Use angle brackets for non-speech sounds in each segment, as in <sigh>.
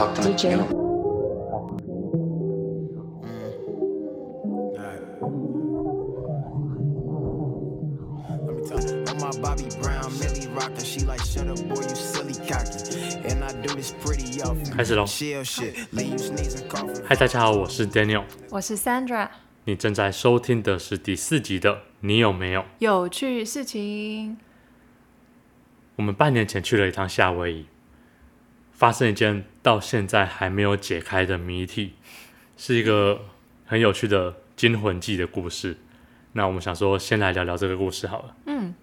開始嘍！嗨，大家好，我是 Daniel，我是 Sandra，你正在收聽的是第四集的，你有沒有有趣事情？我們半年前去了一趟夏威夷。發生一件到現在還沒有解開的謎題，是一個很有趣的驚魂記的故事。那我們想說，先來聊聊這個故事好了。嗯，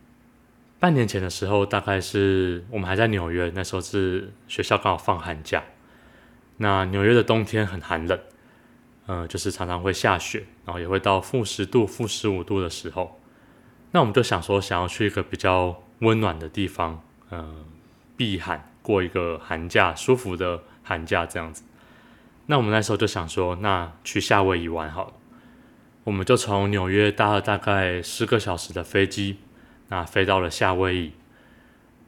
半年前的時候，大概是我們還在紐約，那時候是學校剛好放寒假。那紐約的冬天很寒冷，呃，就是常常會下雪，然後也會到負十度、負十五度的時候。那我們就想說，想要去一個比較溫暖的地方，嗯、呃，避寒。過一個寒假，舒服的寒假這樣子。那我們那時候就想說，那去夏威夷玩好了。我們就從紐約搭了大概十個小時的飛機，那飛到了夏威夷。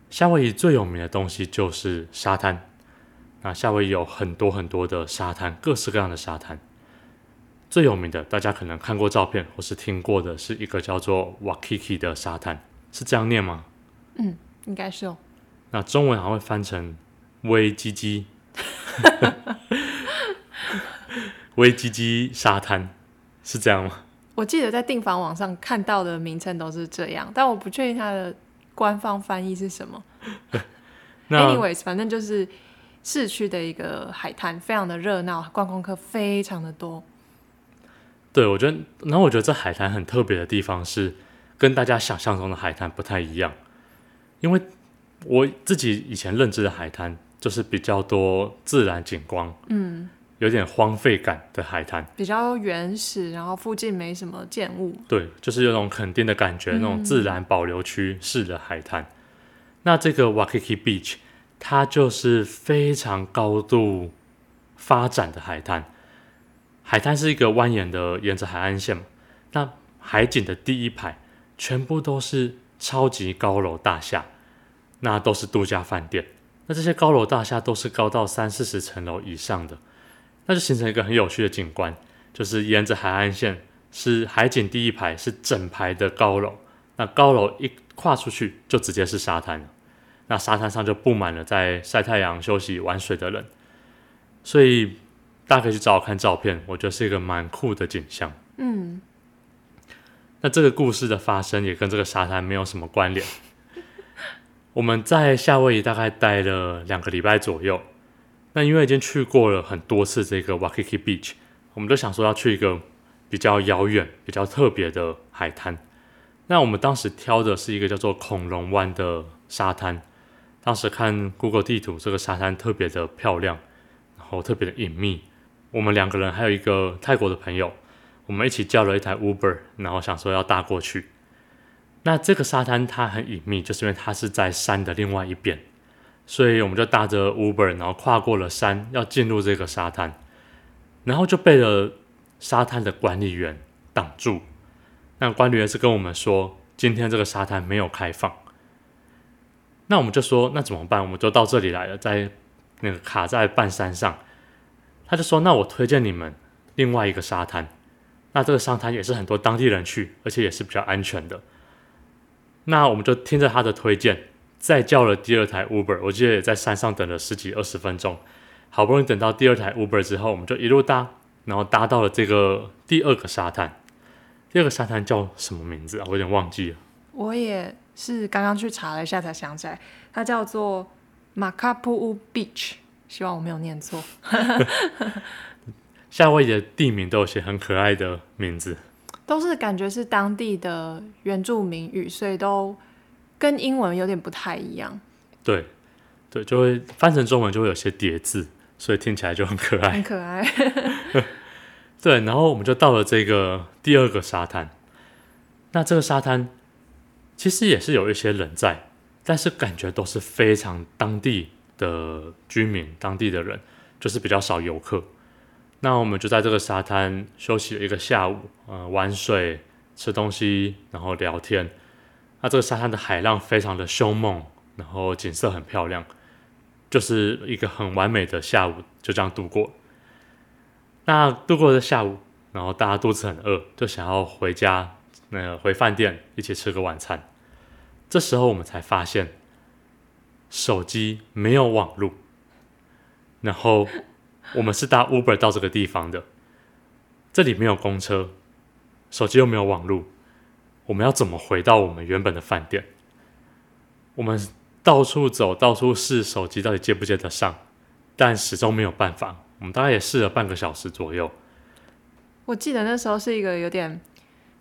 夏威夷最有名的東西就是沙灘。那夏威夷有很多很多的沙灘，各式各樣的沙灘。最有名的，大家可能看過照片或是聽過的是一個叫做 Waikiki 的沙灘，是這樣念嗎？嗯，應該是哦。那中文好像會翻成“威機機”，哈哈哈，威機機沙灘是這樣嗎？我記得在訂房網上看到的名稱都是這樣，但我不確定它的官方翻譯是什麼。 <laughs> 那 Anyways，反正就是市區的一個海灘，非常的熱鬧，觀光客非常的多。對，我覺得，然後我覺得這海灘很特別的地方是跟大家想象中的海灘不太一樣，因為。我自己以前認知的海灘，就是比較多自然景觀，嗯，有點荒廢感的海灘，比較原始，然後附近沒什麼建物，對，就是有種肯定的感覺，那種自然保留區式的海灘。嗯、那這個 w a k i k i Beach，它就是非常高度發展的海灘。海灘是一個蜿蜒的，沿着海岸線那海景的第一排，全部都是超級高樓大廈。那都是度假飯店，那這些高樓大廈都是高到三四十層樓以上的，那就形成一個很有趣的景觀，就是沿着海岸線是海景，第一排是整排的高樓，那高樓一跨出去就直接是沙灘了，那沙灘上就布滿了在曬太陽、休息、玩水的人，所以大家可以去找我看照片，我覺得是一個蠻酷的景象。嗯，那這個故事的發生也跟這個沙灘沒有什麼關聯。我們在夏威夷大概待了兩個禮拜左右，那因為已經去過了很多次這個 Waikiki Beach，我們都想說要去一個比較遙遠、比較特別的海灘。那我們當時挑的是一個叫做恐龍灣的沙灘，當時看 Google 地圖，這個沙灘特別的漂亮，然後特別的隱秘。我們兩個人還有一個泰國的朋友，我們一起叫了一台 Uber，然後想說要搭過去。那這個沙灘它很隱秘，就是因為它是在山的另外一邊，所以我們就搭着 Uber，然後跨過了山，要進入這個沙灘，然後就被了沙灘的管理員擋住。那管理員是跟我們說，今天這個沙灘沒有開放。那我們就說，那怎麼辦？我們就到這裡來了，在那個卡在半山上。他就說，那我推薦你們另外一個沙灘。那這個沙灘也是很多當地人去，而且也是比較安全的。那我們就聽着他的推薦，再叫了第二台 Uber。我記得也在山上等了十幾二十分鐘，好不容易等到第二台 Uber 之後，我們就一路搭，然後搭到了這個第二個沙灘。第二個沙灘叫什麼名字啊？我有點忘記了。我也是剛剛去查了一下才想起來，它叫做 Makapuʻu Beach。希望我沒有念錯。 <laughs> <laughs> 下位的地名都有些很可愛的名字。都是感覺是當地的原住民語，所以都跟英文有點不太一樣。對，對，就會翻成中文就會有些疊字，所以聽起來就很可愛。很可愛。 <laughs> <laughs> 對，然後我們就到了這個第二個沙灘。那這個沙灘其實也是有一些人在，但是感覺都是非常當地的居民，當地的人，就是比較少遊客。那我們就在這個沙灘休息了一個下午，呃，玩水、吃東西，然後聊天。那、啊、這個沙灘的海浪非常的兇猛，然後景色很漂亮，就是一個很完美的下午就這樣度過。那度過了下午，然後大家肚子很餓，就想要回家，那個、回飯店一起吃個晚餐。這時候我們才發現手機沒有網路，然後。 <laughs> 我們是搭 Uber 到這個地方的，這裡沒有公車，手機又沒有網路，我們要怎麼回到我們原本的飯店？我們到處走，到處試手機，到底接不接得上？但始終沒有辦法。我們大概也試了半個小時左右。我記得那時候是一個有點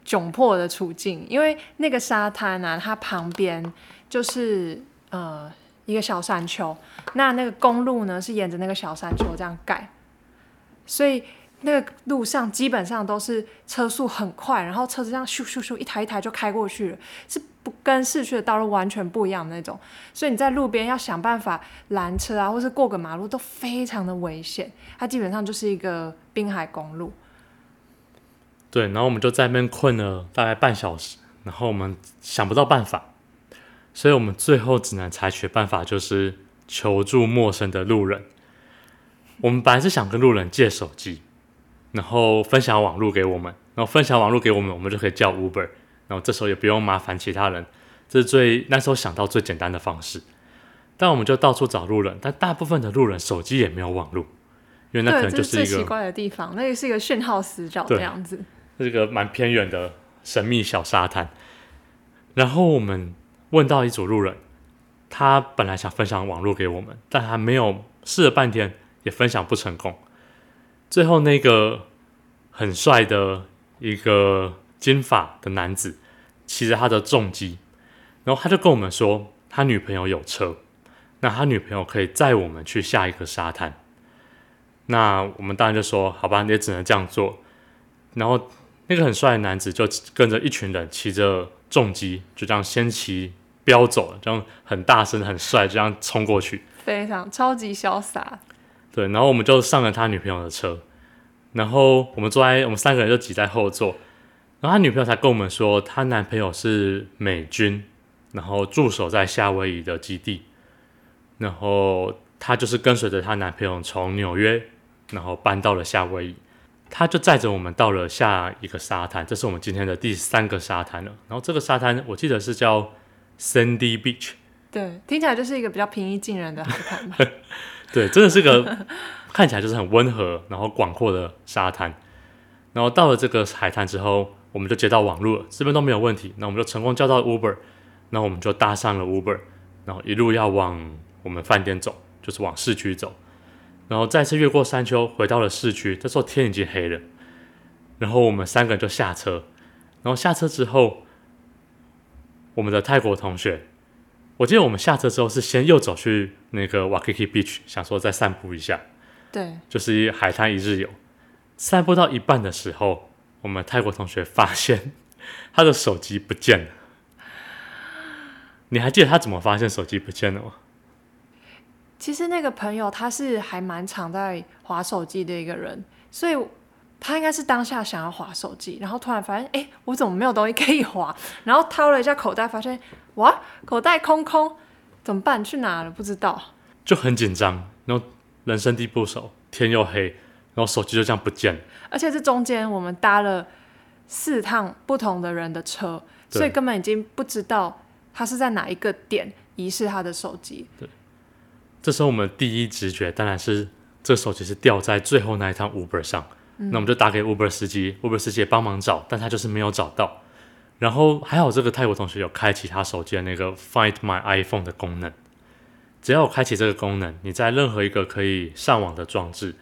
窘迫的處境，因為那個沙灘啊，它旁邊就是，呃……一個小山丘，那那個公路呢，是沿着那個小山丘這樣蓋，所以那個路上基本上都是車速很快，然後車子這樣咻咻咻一台一台就開過去了，是不跟市區的道路完全不一樣的那種，所以你在路邊要想辦法攔車啊，或是過個馬路都非常的危險，它基本上就是一個濱海公路。對，然後我們就在那邊困了大概半小時，然後我們想不到辦法。所以我們最後只能採取辦法，就是求助陌生的路人。我們本來是想跟路人借手機，然後分享網絡給我們，然後分享網絡給我們，我們就可以叫 Uber，然後這時候也不用麻煩其他人，這是最那時候想到最簡單的方式。但我們就到處找路人，但大部分的路人手機也沒有網絡，因為那可能就是一個是奇怪的地方，那也是一個訊號死角對這樣子，是一個蠻偏遠的神秘小沙灘。然後我們。問到一組路人，他本來想分享網絡給我們，但他沒有試了半天也分享不成功。最後那個很帥的一個金髮的男子騎着他的重機，然後他就跟我們說，他女朋友有車，那他女朋友可以載我們去下一個沙灘。那我們當然就說，好吧，你也只能這樣做。然後那個很帥的男子就跟着一群人騎着。重機就這樣先騎飆走了，這樣很大聲很帥，就這樣衝過去，非常超級瀟灑。對，然後我們就上了他女朋友的車，然後我們坐在我們三個人就擠在後座，然後他女朋友才跟我們說，她男朋友是美軍，然後駐守在夏威夷的基地，然後他就是跟隨着他男朋友從紐約，然後搬到了夏威夷。他就載着我們到了下一個沙灘，這是我們今天的第三個沙灘了。然後這個沙灘我記得是叫 Sandy Beach，對，聽起來就是一個比較平易近人的海灘。 <laughs> 對，真的是個看起來就是很溫和，然後廣闊的沙灘。然後到了這個海灘之後，我們就接到網路了，這邊都沒有問題，那我們就成功叫到 Uber，那我們就搭上了 Uber，然後一路要往我們飯店走，就是往市區走。然後再次越過山丘，回到了市區。這時候天已經黑了，然後我們三個人就下車。然後下車之後，我們的泰國同學，我記得我們下車之後是先又走去那個 Waikiki Beach，想說再散步一下。對，就是一海灘一日遊。散步到一半的時候，我們泰國同學發現他的手機不見了。你還記得他怎麼發現手機不見了嗎？其實那個朋友他是還蠻常在滑手機的一個人，所以他應該是當下想要滑手機，然後突然發現，哎，我怎麼沒有東西可以滑？然後掏了一下口袋，發現哇，口袋空空，怎麼辦？去哪了？不知道，就很緊張。然後人生地不熟，天又黑，然後手機就這樣不見了。而且這中間我們搭了四趟不同的人的車，對所以根本已經不知道他是在哪一個點遺失他的手機。對。這時候，我們第一直覺當然是這手機是掉在最後那一趟 Uber 上。嗯。那我們就打給 Uber 司機，Uber 司機也幫忙找，但他就是沒有找到。然後還好，這個泰國同學有開啟他手機的那個 Find My iPhone 的功能。只要開啟這個功能，你在任何一個可以上網的裝置，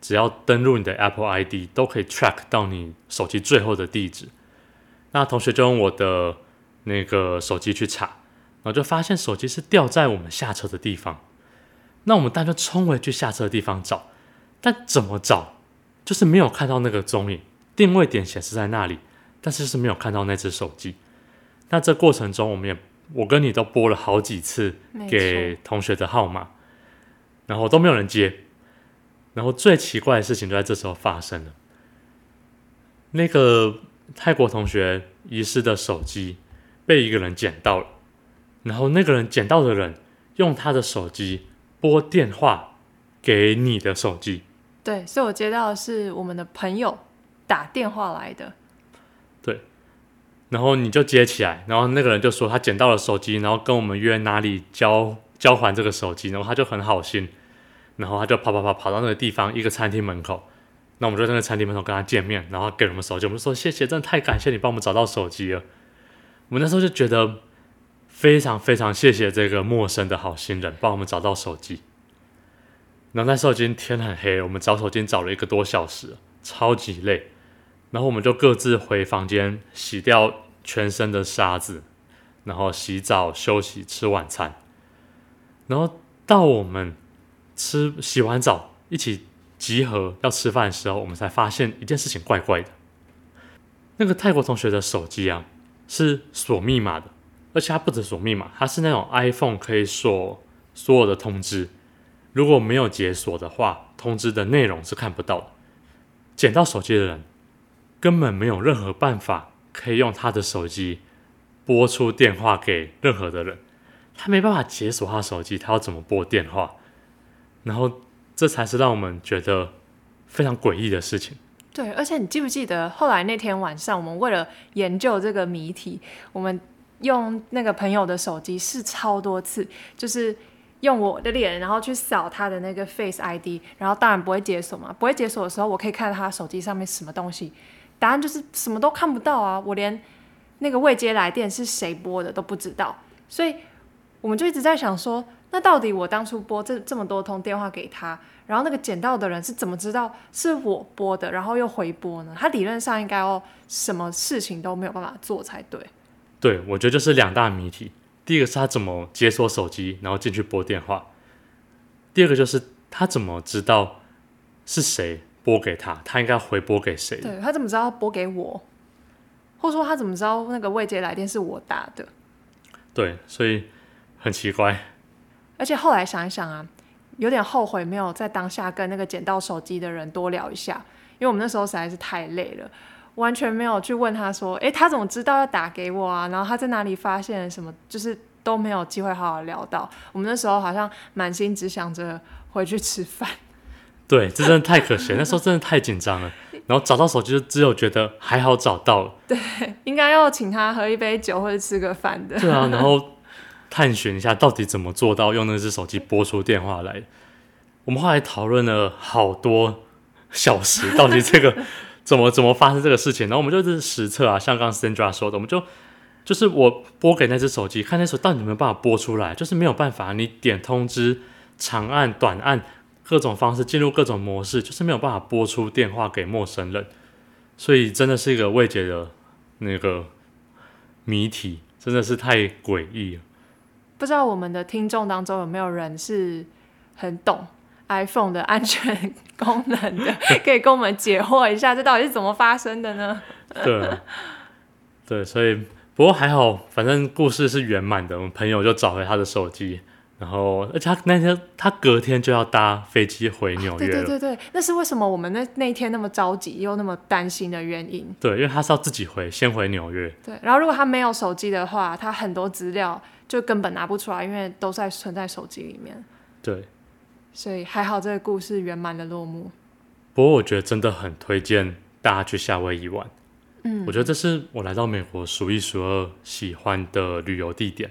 只要登錄你的 Apple ID，都可以 track 到你手機最後的地址。那同學就用我的那個手機去查，然後就發現手機是掉在我們下車的地方。那我們大家衝回去下車的地方找，但怎麼找？就是沒有看到那個蹤影，定位點顯示在那裡，但是就是沒有看到那只手機。那這過程中，我們也我跟你都撥了好幾次給同學的號碼，沒錯。然後都沒有人接。然後最奇怪的事情就在這時候發生了，那個泰國同學遺失的手機被一個人撿到了，然後那個人撿到的人用他的手機。撥電話給你的手機。對，所以我接到的是我們的朋友打電話來的。對，然後你就接起來，然後那個人就說他撿到了手機，然後跟我們約哪裡交交還這個手機，然後他就很好心，然後他就啪啪啪跑到那個地方一個餐廳門口，那我們就在那個餐廳門口跟他見面，然後給了我們手機，我們說謝謝，真的太感謝你幫我們找到手機了。我們那時候就覺得。非常非常謝謝這個陌生的好心人幫我們找到手機。然後那時候已經天很黑，我們找手機找了一個多小時，超級累。然後我們就各自回房間洗掉全身的沙子，然後洗澡休息吃晚餐。然後到我們吃洗完澡一起集合要吃飯的時候，我們才發現一件事情怪怪的。那個泰國同學的手機啊，是鎖密碼的。而且他不只鎖密碼，他是那種 iPhone 可以鎖所有的通知。如果沒有解鎖的話，通知的內容是看不到的。撿到手機的人根本沒有任何辦法可以用他的手機撥出電話給任何的人。他沒辦法解鎖他的手機，他要怎麼撥電話？然後這才是讓我們覺得非常詭異的事情。對，而且你記不記得後來那天晚上，我們為了研究這個謎題，我們。用那個朋友的手機試超多次，就是用我的臉，然後去掃他的那個 Face ID，然後當然不會解鎖嘛，不會解鎖的時候，我可以看到他手機上面什麼東西，答案就是什麼都看不到啊，我連那個未接來電是誰撥的都不知道，所以我們就一直在想說，那到底我當初撥這這麼多通電話給他，然後那個撿到的人是怎麼知道是我撥的，然後又回撥呢？他理論上應該要什麼事情都沒有辦法做才對。對，我覺得就是兩大謎題。第一個是他怎麼解鎖手機，然後進去撥電話；第二個就是他怎麼知道是誰撥給他，他應該回撥給誰？對，他怎麼知道撥給我？或者說他怎麼知道那個未接來電是我打的？對，所以很奇怪。而且後來想一想啊，有點後悔沒有在當下跟那個撿到手機的人多聊一下，因為我們那時候實在是太累了。完全沒有去問他說：「哎、欸，他怎麼知道要打給我啊？然後他在哪裡發現什麼？就是都沒有機會好好聊到。我們那時候好像滿心只想着回去吃飯。」對，這真的太可惜了。 <laughs> 那時候真的太緊張了。然後找到手機，就只有覺得還好找到了。對，應該要請他喝一杯酒或者吃個飯的。對啊，然後探尋一下到底怎麼做到用那只手機撥出電話來。我們後來討論了好多小時，到底這個。 <laughs> 怎麼怎麼發生這個事情？然後我們就是實測啊，像剛剛 Sandra 說的，我們就就是我撥給那隻手機，看那隻手機到底有沒有辦法撥出來，就是沒有辦法。你點通知、長按、短按，各種方式進入各種模式，就是沒有辦法撥出電話給陌生人。所以真的是一個未解的那個謎題，真的是太詭異了。不知道我們的聽眾當中有沒有人是很懂 iPhone 的安全功能的， <laughs> 可以跟我們解惑一下，這到底是怎麼發生的呢？ <laughs> 對，對，所以不過還好，反正故事是圓滿的。我們朋友就找回他的手機，然後而且他那天他隔天就要搭飛機回紐約。哦、對，對對對，那是為什麼我們那那一天那麼着急又那麼擔心的原因。對，因為他是要自己回，先回紐約。對，然後如果他沒有手機的話，他很多資料就根本拿不出來，因為都在存在手機裡面。對。所以還好，這個故事圓滿的落幕。不過我覺得真的很推薦大家去夏威夷玩。嗯，我覺得這是我來到美國數一數二喜歡的旅遊地點。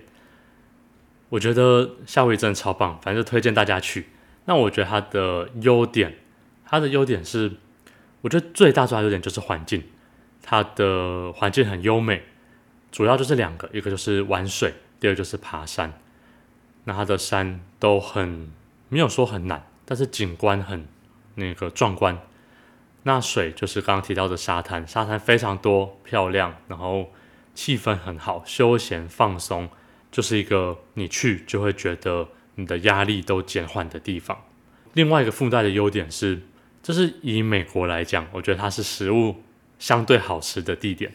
我覺得夏威夷真的超棒，反正推薦大家去。那我覺得它的優點，它的優點是，我覺得最大最大的優點就是環境，它的環境很優美。主要就是兩個，一個就是玩水，第二就是爬山。那它的山都很。沒有說很難，但是景觀很那個壯觀。那水就是剛剛提到的沙灘，沙灘非常多，漂亮，然後氣氛很好，休閒，放鬆，就是一個你去就會覺得你的壓力都減緩的地方。另外一個附帶的優點是，這是以美國來講，我覺得它是食物相對好吃的地點，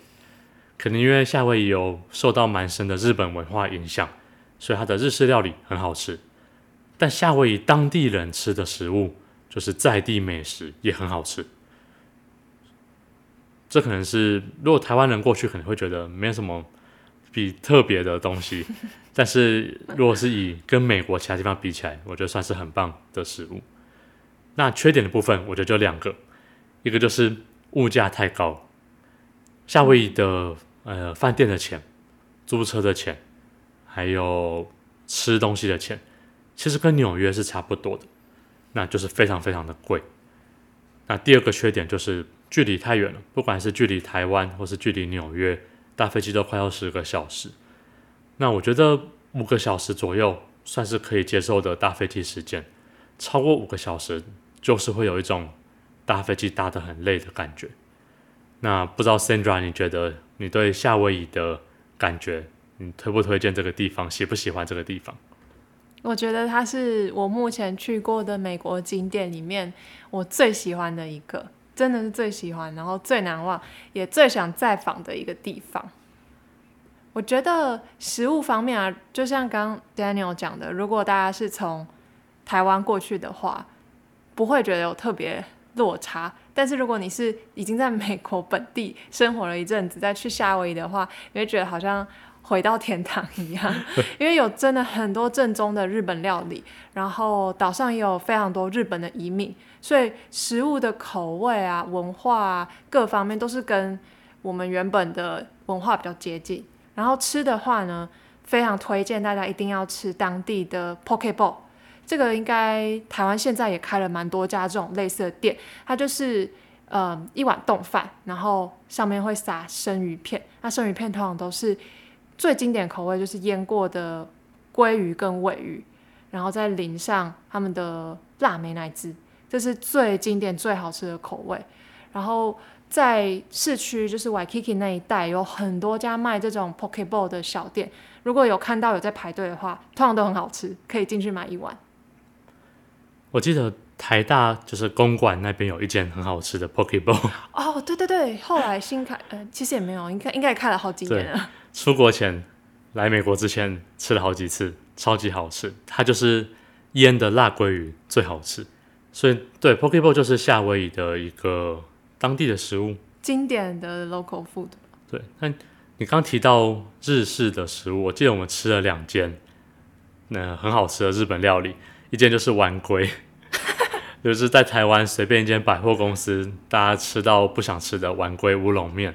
可能因為夏威夷有受到蠻深的日本文化影響，所以它的日式料理很好吃。但夏威夷當地人吃的食物，就是在地美食也很好吃。這可能是如果台灣人過去可能會覺得沒有什麼比特別的東西，但是如果是以跟美國其他地方比起來，我覺得算是很棒的食物。那缺點的部分，我覺得就兩個，一個就是物價太高，夏威夷的呃飯店的錢、租車的錢，還有吃東西的錢。其實跟紐約是差不多的，那就是非常非常的貴。那第二個缺點就是距離太遠了，不管是距離台灣，或是距離紐約，搭飛機都快要十個小時。那我覺得五個小時左右算是可以接受的搭飛機時間，超過五個小時就是會有一種搭飛機搭得很累的感覺。那不知道 Sandra，你覺得你對夏威夷的感覺，你推不推薦這個地方，喜不喜歡這個地方？我覺得它是我目前去過的美國景點裡面我最喜歡的一個，真的是最喜歡，然後最難忘，也最想再訪的一個地方。我覺得食物方面啊，就像剛剛 Daniel 講的，如果大家是從台灣過去的話，不會覺得有特別落差；但是如果你是已經在美國本地生活了一陣子再去夏威夷的話，你會覺得好像，回到天堂一樣，因為有真的很多正宗的日本料理，然後島上也有非常多日本的移民，所以食物的口味啊、文化啊，各方面都是跟我們原本的文化比較接近。然後吃的話呢，非常推薦大家一定要吃當地的 poke bowl，這個應該台灣現在也開了蠻多家這種類似的店。它就是嗯、呃、一碗丼飯，然後上面會撒生魚片，那生魚片通常都是。最經典的口味就是醃過的鮭魚跟鮪魚，然後再淋上他們的辣美乃滋，這是最經典最好吃的口味。然後在市區就是 Waikiki 那一帶有很多家賣這種 poke bowl 的小店，如果有看到有在排隊的話，通常都很好吃，可以進去買一碗。我記得。台大就是公館那邊有一間很好吃的 Poke Bowl。哦，oh, 對對對，後來新開，呃，其實也沒有，應該應該開了好幾年了。出國前來美國之前吃了好幾次，超級好吃。它就是醃的辣鮭魚最好吃。所以對 Poke Bowl 就是夏威夷的一個當地的食物，經典的 local food。對，那你剛剛提到日式的食物，我記得我們吃了兩間，那個、很好吃的日本料理，一間就是碗龜。就是在台灣隨便一間百貨公司，大家吃到不想吃的丸龜烏龍麵，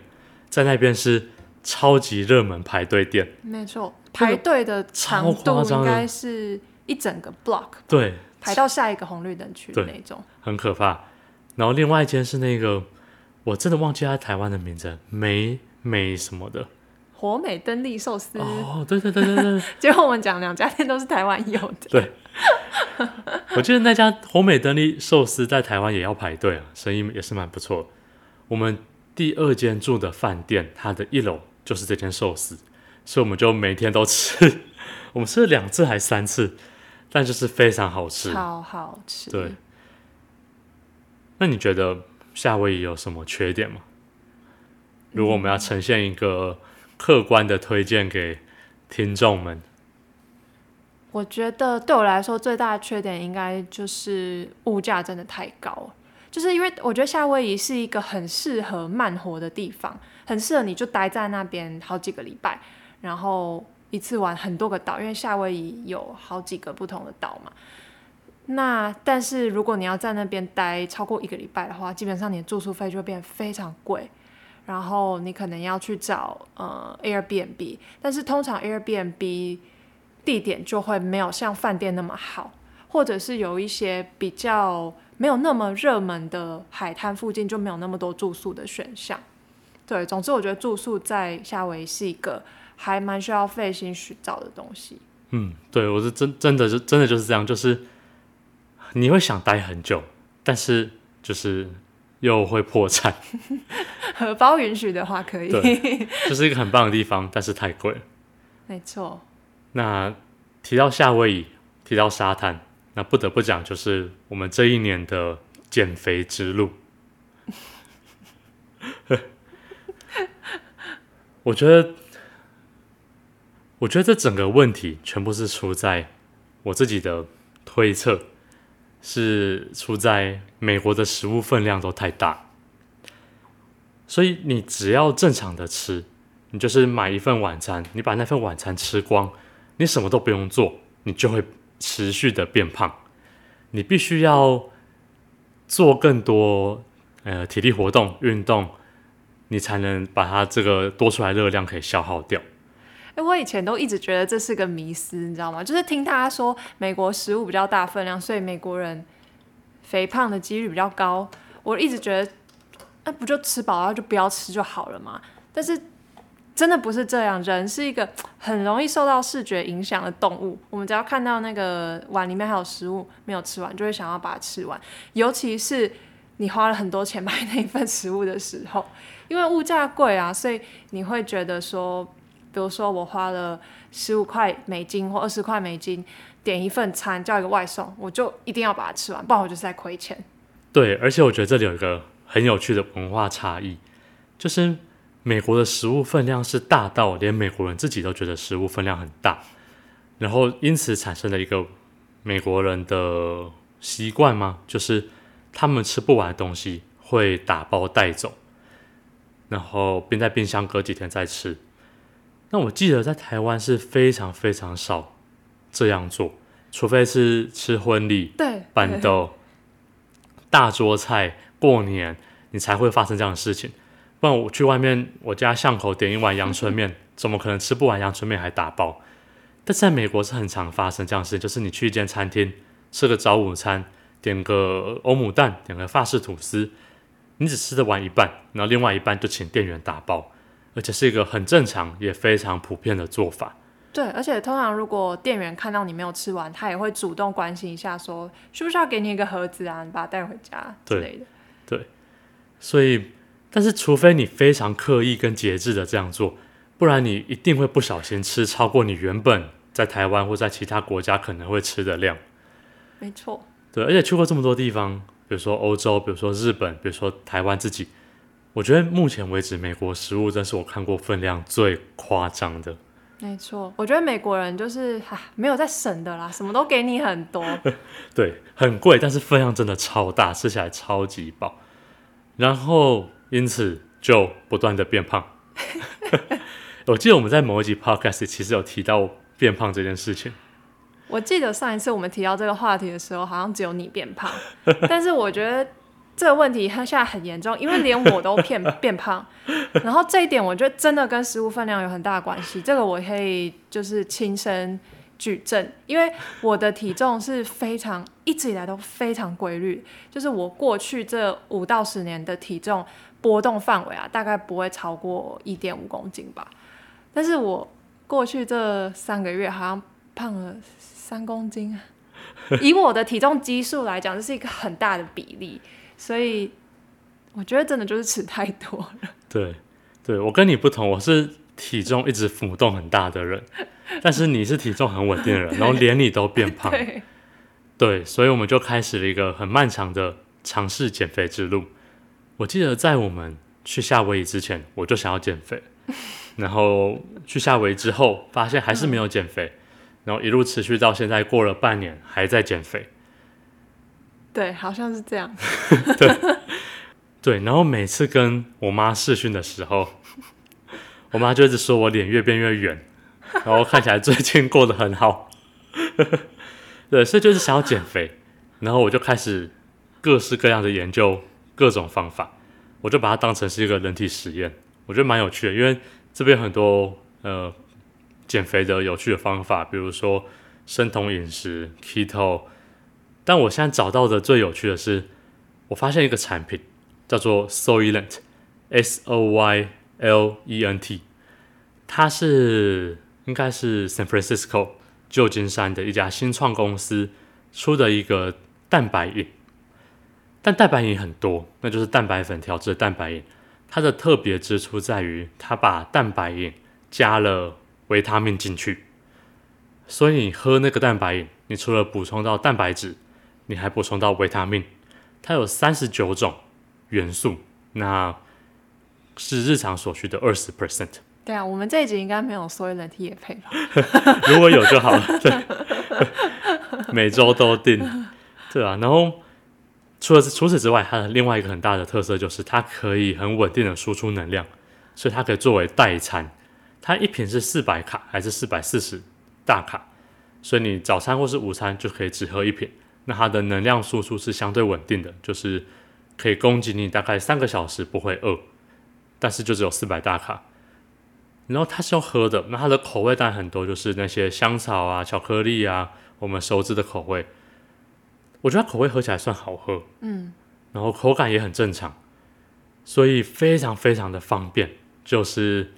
在那邊是超級熱門排隊店。沒錯，排隊的長度應該是一整個 block，對，排到下一個紅綠燈區的那種，很可怕。然後另外一間是那個，我真的忘記它台灣的名字，美美什麼的，火美登利壽司，哦，對對對對對，結果 <laughs> 我們講兩家店都是台灣有的，對。 <laughs> 我記得那家紅美登利壽司在台灣也要排隊啊，生意也是蠻不錯的。我們第二間住的飯店，它的一樓就是這間壽司，所以我們就每天都吃。我們吃了兩次還三次，但就是非常好吃，好好吃。對。那你覺得夏威夷有什麼缺點嗎？如果我們要呈現一個客觀的推薦給聽眾們。我覺得對我來說最大的缺點，應該就是物價真的太高，就是因為我覺得夏威夷是一個很適合慢活的地方，很適合你就待在那邊好幾個禮拜，然後一次玩很多個島，因為夏威夷有好幾個不同的島嘛。那但是如果你要在那邊待超過一個禮拜的話，基本上你的住宿費就會變得非常貴，然後你可能要去找呃 Airbnb，但是通常 Airbnb 地點就會沒有像飯店那麼好，或者是有一些比較沒有那麼熱門的海灘附近就沒有那麼多住宿的選項。對，總之我覺得住宿在夏威夷是一個還蠻需要費心尋找的東西。嗯，對，我是真真的就真的就是這樣，就是你會想待很久，但是就是又會破產。 <laughs> 荷包允許的話可以，就是一個很棒的地方， <laughs> 但是太貴了。沒錯。那提到夏威夷，提到沙灘，那不得不講就是我們這一年的減肥之路。 <laughs> 我覺得，我覺得這整個問題全部是出在我自己的推測，是出在美國的食物分量都太大，所以你只要正常的吃，你就是買一份晚餐，你把那份晚餐吃光。你什麼都不用做，你就會持續的變胖。你必須要做更多呃體力活動、運動，你才能把它這個多出來的熱量可以消耗掉。哎、欸，我以前都一直覺得這是個迷思，你知道嗎？就是聽他說美國食物比較大分量，所以美國人肥胖的幾率比較高。我一直覺得，那、啊、不就吃飽了、啊、就不要吃就好了嘛？但是。真的不是這樣，人是一個很容易受到視覺影響的動物。我們只要看到那個碗裡面還有食物沒有吃完，就會想要把它吃完。尤其是你花了很多錢買那一份食物的時候，因為物價貴啊，所以你會覺得說，比如說我花了十五塊美金或二十塊美金點一份餐，叫一個外送，我就一定要把它吃完，不然我就是在虧錢。對，而且我覺得這裡有一個很有趣的文化差異，就是。美國的食物分量，是大到連美國人自己都覺得食物分量很大，然後因此產生了一個美國人的習慣嗎？就是他們吃不完的東西會打包帶走，然後冰在冰箱隔，幾天再吃。那我記得在台灣是非常非常少這樣做，除非是吃婚禮、對辦桌的 <laughs> 大桌菜、過年，你才會發生這樣的事情。不然我去外面我家巷口點一碗陽春麵，嗯、怎麼可能吃不完陽春麵還打包？但是在美國是很常發生這樣事，就是你去一間餐廳吃個早午餐，點個歐姆蛋，點個法式吐司，你只吃得完一半，然後另外一半就請店員打包，而且是一個很正常也非常普遍的做法。對，而且通常如果店員看到你沒有吃完，他也會主動關心一下說，說需不需要給你一個盒子啊，你把它帶回家之類的對。對，所以。但是，除非你非常刻意跟節制的這樣做，不然你一定會不小心吃超過你原本在台灣或在其他國家可能會吃的量。沒錯。對，而且去過這麼多地方，比如說歐洲，比如說日本，比如說台灣自己，我覺得目前為止美國食物真是我看過分量最誇張的。沒錯，我覺得美國人就是哈沒有在省的啦，什麼都給你很多。 <laughs> 對，很貴，但是分量真的超大，吃起來超級飽。然後。因此就不斷的變胖。 <laughs> 我記得我們在某一集 podcast 其實有提到變胖這件事情。我記得上一次我們提到這個話題的時候，好像只有你變胖。 <laughs> 但是我覺得這個問題它現在很嚴重，因為連我都變變胖。 <laughs> 然後這一點我覺得真的跟食物分量有很大關係。這個我可以就是親身舉證，因為我的體重是非常一直以來都非常規律，就是我過去這五到十年的體重。波動範圍啊，大概不會超過一點五公斤吧。但是我過去這三個月好像胖了三公斤， <laughs> 以我的體重基數來講，這是一個很大的比例。所以我覺得真的就是吃太多了。對，對，我跟你不同，我是體重一直浮動很大的人， <laughs> 但是你是體重很穩定的人， <laughs> 對然後連你都變胖。對，對，所以我們就開始了一個很漫長的嘗試減肥之路。我記得在我們去夏威夷之前，我就想要減肥，然後去夏威夷之後發現還是沒有減肥，然後一路持續到現在，過了半年還在減肥。對，好像是這樣。 <laughs> 對對，然後每次跟我媽視訊的時候，我媽就一直說我臉越變越圓，然後看起來最近過得很好。 <laughs> 對，所以就是想要減肥，然後我就開始各式各樣的研究。各種方法，我就把它當成是一個人體實驗，我覺得蠻有趣的。因為這邊很多呃減肥的有趣的方法，比如說生酮飲食、Keto，但我現在找到的最有趣的是，我發現一個產品叫做 Soylent，S-O-Y-L-E-N-T，、e、它是應該是 San Francisco 舊金山的一家新創公司出的一個蛋白飲。但蛋白飲很多，那就是蛋白粉調制的蛋白飲。它的特別之處在於，它把蛋白飲加了維他命進去。所以你喝那個蛋白飲，你除了補充到蛋白質，你還補充到維他命。它有三十九種元素，那是日常所需的二十 percent。對啊，我們這一集應該沒有 sponsor 業配吧？ <laughs> <laughs> 如果有就好了。對， <laughs> 每周都訂，對啊，然後。除了除此之外，它的另外一個很大的特色就是它可以很穩定的輸出能量，所以它可以作為代餐。它一瓶是四百卡還是四百四十大卡？所以你早餐或是午餐就可以只喝一瓶。那它的能量輸出是相對穩定的，就是可以供給你大概三個小時不會餓。但是就只有四百大卡。然後它是要喝的，那它的口味當然很多，就是那些香草啊、巧克力啊，我們熟知的口味。我覺得它口味喝起來算好喝，嗯，然後口感也很正常，所以非常非常的方便，就是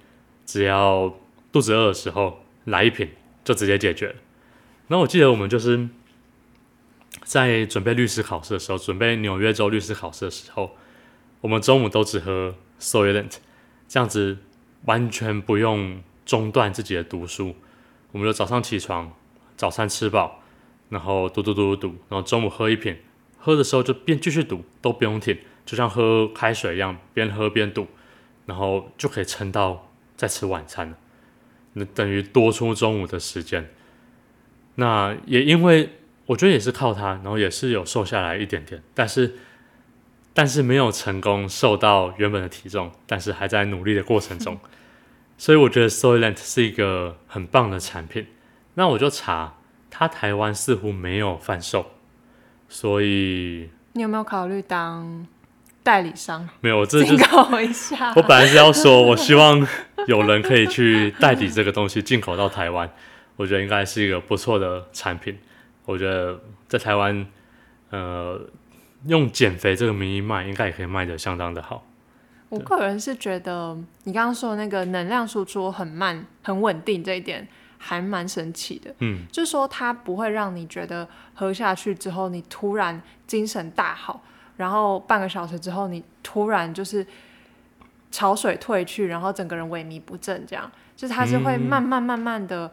只要肚子餓的時候來一瓶就直接解決了。然後我記得我們就是在準備律師考試的時候，準備紐約州律師考試的時候，我們中午都只喝 Soylent，這樣子完全不用中斷自己的讀書，我們就早上起床，早餐吃飽。然後讀讀讀讀讀，然後中午喝一瓶，喝的時候就邊繼續讀，都不用停，就像喝開水一樣，邊喝邊讀，然後就可以撐到再吃晚餐了。那等於多出中午的時間。那也因為我覺得也是靠它，然後也是有瘦下來一點點，但是但是沒有成功瘦到原本的體重，但是還在努力的過程中。嗯。所以我覺得 Soylent 是一個很棒的產品。那我就查。它台灣似乎沒有販售，所以你有沒有考慮當代理商？沒有，我這就進口一下。我本來是要說，我希望有人可以去代理這個東西，進口到台灣。 <laughs> 我覺得應該是一個不錯的產品。我覺得在台灣，呃，用減肥這個名義賣，應該也可以賣得相當的好。我個人是覺得，你剛剛說的那個能量輸出很慢、很穩定這一點。還蠻神奇的，嗯，就是說它不會讓你覺得喝下去之後你突然精神大好，然後半個小時之後你突然就是潮水退去，然後整個人萎靡不振，這樣。就是它是會慢慢慢慢的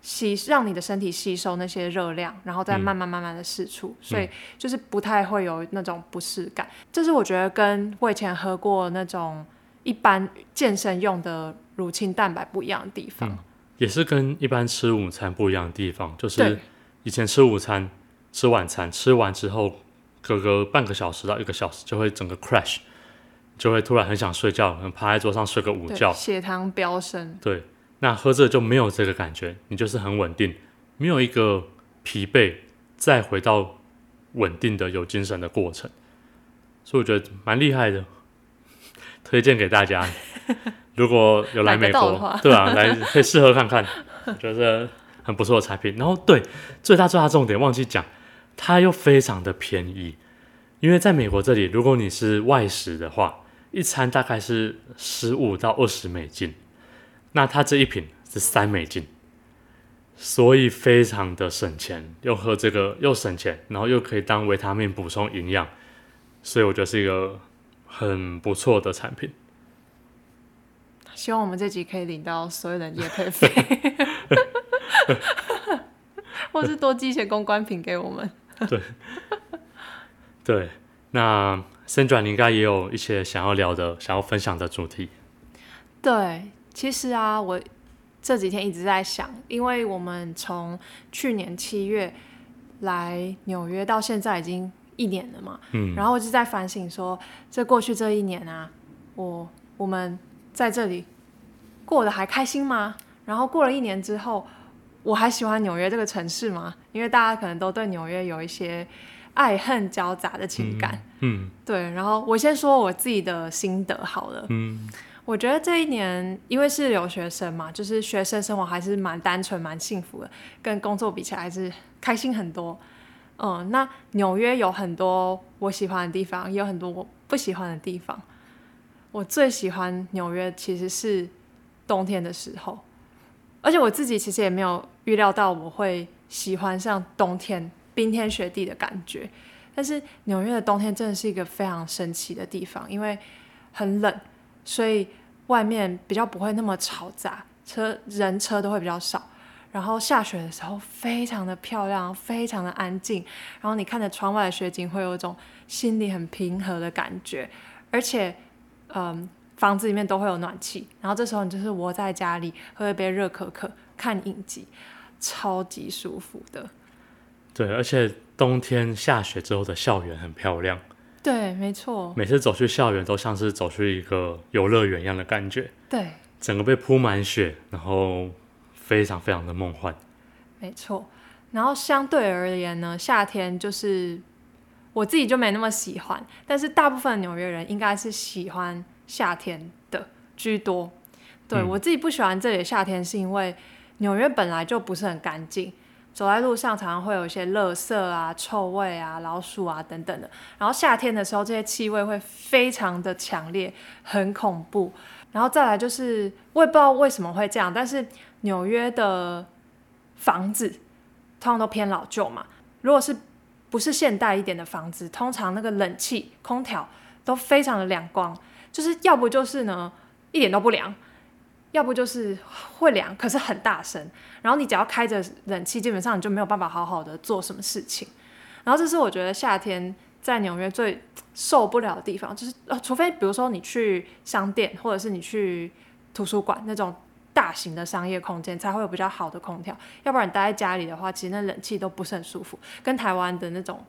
吸，嗯、讓你的身體吸收那些熱量，然後再慢慢慢慢的釋出，嗯、所以就是不太會有那種不適感。這、嗯、是我覺得跟我以前喝過那種一般健身用的乳清蛋白不一樣的地方。嗯也是跟一般吃午餐不一樣的地方，就是以前吃午餐，對吃晚餐吃完之後，隔個半個小時到一個小時就會整個 crash，就會突然很想睡覺，可能趴在桌上睡個午覺。血糖飆升。對，那喝着就沒有這個感覺，你就是很穩定，沒有一個疲憊再回到穩定的有精神的過程，所以我覺得蠻厲害的，推薦給大家。 <laughs> 如果有來美國，對啊，來可以試喝看看，覺得 <laughs> 很不錯的產品。然後對，最大最大的重點忘記講，它又非常的便宜，因為在美國這裡，如果你是外食的話，一餐大概是十五到二十美金，那它這一瓶是三美金，所以非常的省錢，又喝這個又省錢，然後又可以當維他命補充營養，所以我覺得是一個很不錯的產品。希望我們這集可以領到所有的葉佩飛，或是多寄一些公關品給我們。對， <laughs> 對，那森轉你應該也有一些想要聊的、想要分享的主題。對，其實啊，我這幾天一直在想，因為我們從去年七月來紐約到現在已經一年了嘛，嗯，然後我就在反省說，在過去這一年啊，我我們在這裡。過得還開心嗎？然後過了一年之後，我還喜歡紐約這個城市嗎？因為大家可能都對紐約有一些愛恨交雜的情感。嗯，嗯對。然後我先說我自己的心得好了。嗯，我覺得這一年因為是留學生嘛，就是學生生活還是蠻單純、蠻幸福的，跟工作比起來還是開心很多。嗯，那紐約有很多我喜歡的地方，也有很多我不喜歡的地方。我最喜歡紐約其實是。冬天的時候，而且我自己其實也沒有預料到我會喜歡上冬天冰天雪地的感覺。但是紐約的冬天真的是一個非常神奇的地方，因為很冷，所以外面比較不會那麼嘈雜，車人車都會比較少。然後下雪的時候非常的漂亮，非常的安靜。然後你看着窗外的雪景，會有一種心裡很平和的感覺。而且，嗯。房子裡面都會有暖氣，然後這時候你就是窩在家裡喝一杯熱可可，看影集，超級舒服的。對，而且冬天下雪之後的校園很漂亮。對，沒錯。每次走去校園都像是走去一個遊樂園一樣的感覺。對，整個被鋪滿雪，然後非常非常的夢幻。沒錯。然後相對而言呢，夏天就是我自己就沒那麼喜歡，但是大部分的紐約人應該是喜歡。夏天的居多，對、嗯、我自己不喜歡這裡的夏天，是因為紐約本來就不是很乾淨，走在路上常常會有一些垃圾啊、臭味啊、老鼠啊等等的。然後夏天的時候，這些氣味會非常的強烈，很恐怖。然後再來就是，我也不知道為什麼會這樣，但是紐約的房子通常都偏老舊嘛，如果是不是現代一點的房子，通常那個冷氣、空調都非常的涼光。就是要不就是呢，一點都不涼，要不就是會涼，可是很大聲。然後你只要開着冷氣，基本上你就沒有辦法好好的做什麼事情。然後這是我覺得夏天在紐約最受不了的地方，就是呃，除非比如說你去商店或者是你去圖書館那種大型的商業空間，才會有比較好的空調。要不然你待在家裡的話，其實那冷氣都不是很舒服，跟台灣的那種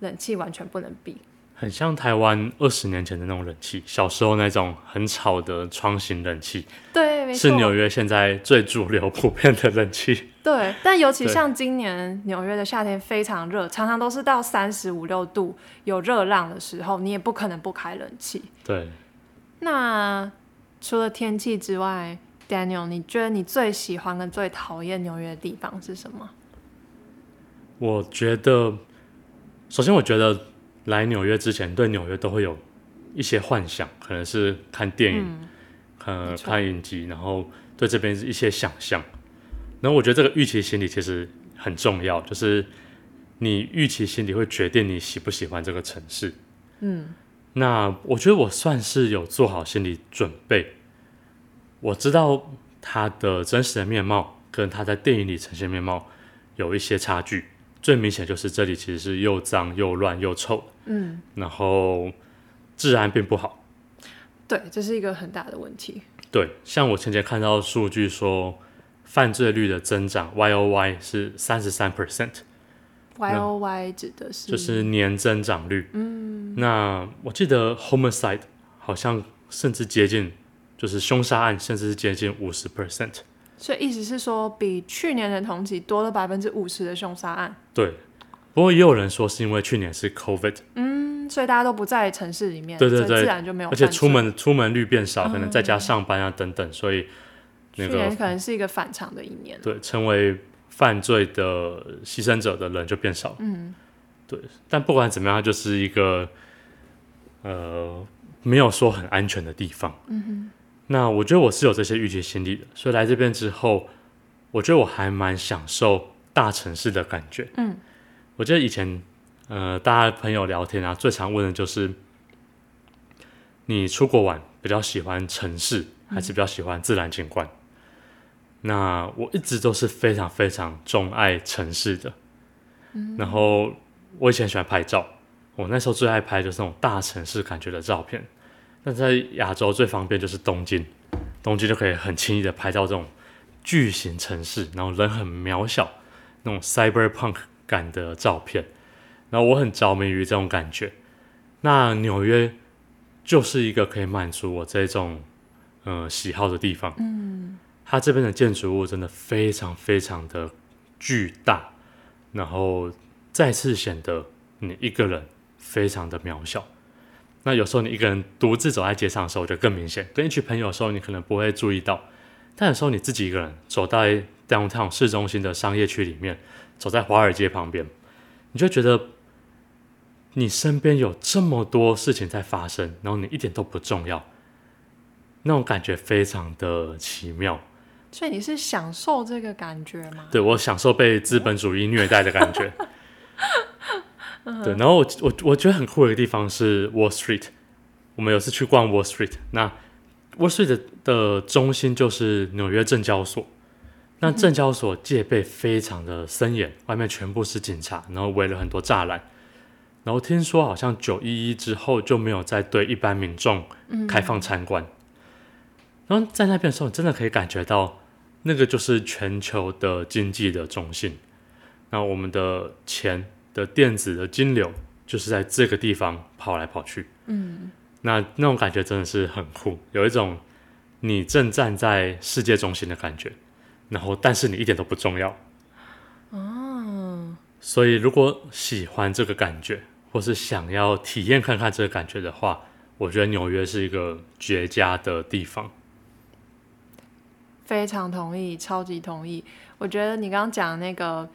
冷氣完全不能比。很像台灣二十年前的那種冷氣，小時候那種很吵的窗型冷氣。對，是紐約現在最主流、普遍的冷氣。 <laughs> 對，但尤其像今年紐對約的夏天非常熱，常常都是到三十五六度有熱浪的時候，你也不可能不開冷氣。對。那除了天氣之外，Daniel，你覺得你最喜歡的、最討厭紐約的地方是什麼？我覺得，首先我覺得。來紐約之前，對紐約都會有一些幻想，可能是看電影、嗯、呃、沒錯、看影集，然後對這邊一些想象那我覺得這個預期心理其實很重要，就是你預期心理會決定你喜不喜歡這個城市。嗯，那我覺得我算是有做好心理準備，我知道它的真實的面貌跟它在電影裡呈現的面貌有一些差距。最明顯就是這裡其實是又髒又亂又臭，嗯，然後治安並不好，對，這是一個很大的問題。對，像我前天看到數據說，犯罪率的增長 Y O Y 是三十三 percent，Y O Y 指的是就是年增長率，嗯，那我記得 homicide 好像甚至接近，就是凶殺案甚至是接近五十 percent。所以意思是說，比去年的同期多了百分之五十的凶殺案。對，不過也有人說是因為去年是 COVID，嗯，所以大家都不在城市裡面，對對對，而且出門出門率變少，可能在家上班啊等等，嗯、所以、那個、去年可能是一個反常的一年。對，成為犯罪的犧牲者的人就變少了。嗯，對。但不管怎麼樣，就是一個呃，沒有說很安全的地方。嗯哼。那我覺得我是有這些預期心理的，所以來這邊之後，我覺得我還蠻享受大城市的感覺。嗯，我記得以前，呃，大家朋友聊天啊，最常問的就是，你出國玩比較喜歡城市，還是比較喜歡自然景觀？嗯、那我一直都是非常非常鍾愛城市的，嗯、然後我以前喜歡拍照，我那時候最愛拍的就是那種大城市感覺的照片。那在亞洲最方便就是東京，東京就可以很輕易的拍到這種巨型城市，然後人很渺小，那種 cyberpunk 感的照片。然後我很着迷於這種感覺。那紐約就是一個可以滿足我這種，呃，喜好的地方。嗯，它這邊的建築物真的非常非常的巨大，然後再次顯得你一個人非常的渺小。那有時候你一個人獨自走在街上的時候，我覺得更明顯；跟一群朋友的時候，你可能不會注意到。但有時候你自己一個人走在 downtown 市中心的商業區裡面，走在華爾街旁邊，你就覺得你身邊有這麼多事情在發生，然後你一點都不重要，那種感覺非常的奇妙。所以你是享受這個感覺嗎？對，我享受被資本主義虐待的感覺。 <laughs> 對，然後我我我覺得很酷的一個地方是 Wall Street。我們有次去逛 Wall Street，那 Wall Street 的中心就是紐約證交所。那證交所戒備非常的森嚴，外面全部是警察，然後圍了很多柵欄。然後聽說好像九一一之後就沒有再對一般民眾開放參觀。嗯、然後在那邊的時候，你真的可以感覺到那個就是全球的經濟的中心。那我們的錢。的電子的金流就是在這個地方跑來跑去，嗯，那那種感覺真的是很酷，有一種你正站在世界中心的感覺，然後但是你一點都不重要，哦，所以如果喜歡這個感覺，或是想要體驗看看這個感覺的話，我覺得紐約是一個絕佳的地方。非常同意，超級同意，我覺得你剛剛講的那個。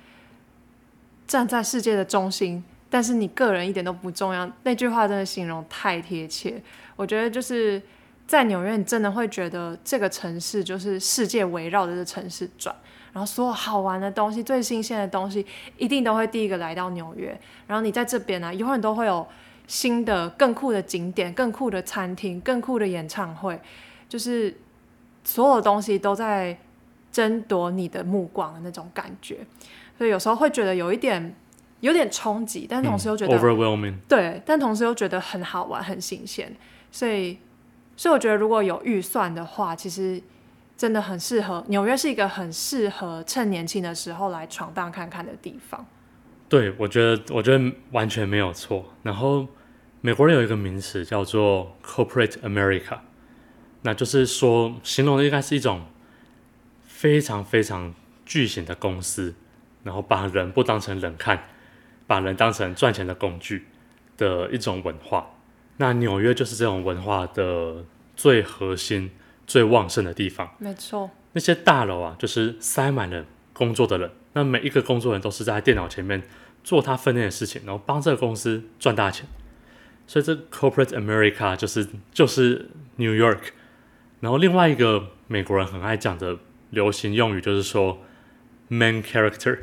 站在世界的中心，但是你個人一點都不重要。那句話真的形容太貼切。我覺得就是在紐約，你真的會覺得這個城市就是世界圍繞着這城市轉，然後所有好玩的東西、最新鮮的東西，一定都會第一個來到紐約。然後你在這邊呢、啊，永遠都會有新的、更酷的景點、更酷的餐廳、更酷的演唱會，就是所有東西都在爭奪你的目光的那種感覺。所以有時候會覺得有一點有點衝擊，但同時又覺得、嗯、overwhelming 對，但同時又覺得很好玩、很新鮮。所以，所以我覺得如果有預算的話，其實真的很適合。紐約是一個很適合趁年輕的時候來闖蕩看看的地方。對，我覺得我覺得完全沒有錯。然後，美國人有一個名詞叫做 corporate America，那就是說形容的應該是一種非常非常巨型的公司。然後把人不當成人看，把人當成賺錢的工具的一種文化。那紐約就是這種文化的最核心、最旺盛的地方。沒錯，那些大樓啊，就是塞滿了工作的人。那每一個工作人都是在電腦前面做他分內的事情，然後幫這個公司賺大錢。所以這 Corporate America 就是就是 New York。然後另外一個美國人很愛講的流行用語就是說。Main character，、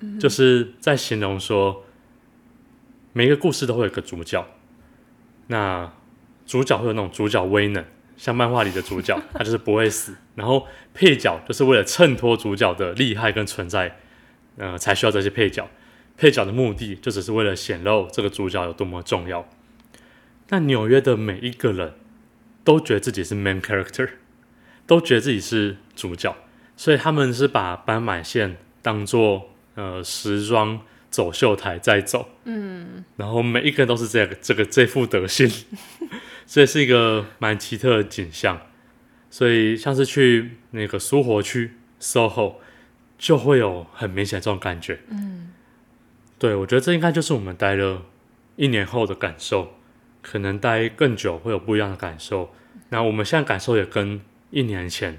嗯、哼就是在形容說，每一個故事都會有個主角，那主角會有那種主角威能，像漫畫裡的主角，他就是不會死。 <laughs> 然後配角就是為了襯托主角的厲害跟存在、呃，才需要這些配角。配角的目的就只是為了顯露這個主角有多麼重要。那紐約的每一個人都覺得自己是 main character，都覺得自己是主角。所以他們是把斑馬線當作呃時裝走秀台，在走，嗯，然後每一個人都是這個這個這副德行，這 <laughs> 是一個蠻奇特的景象。所以像是去那個蘇活區 SOHO，就會有很明顯的這種感覺，嗯，對，我覺得這應該就是我們待了一年後的感受，可能待更久會有不一樣的感受。那我們現在感受也跟一年前。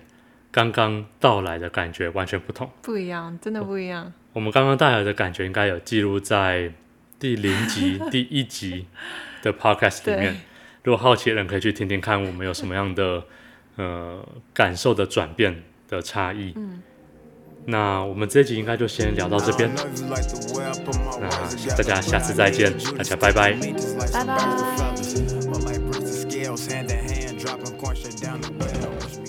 剛剛到來的感覺完全不同，不一樣，真的不一樣。哦、我們剛剛帶來的感覺應該有記錄在第零集、 <laughs> 第一集的 podcast 裡面。對如果好奇的人可以去聽聽看，我們有什麼樣的 <laughs> 呃感受的轉變的差異。嗯、那我們這一集應該就先聊到這邊，那大家下次再見，大家拜拜。拜拜 <noise>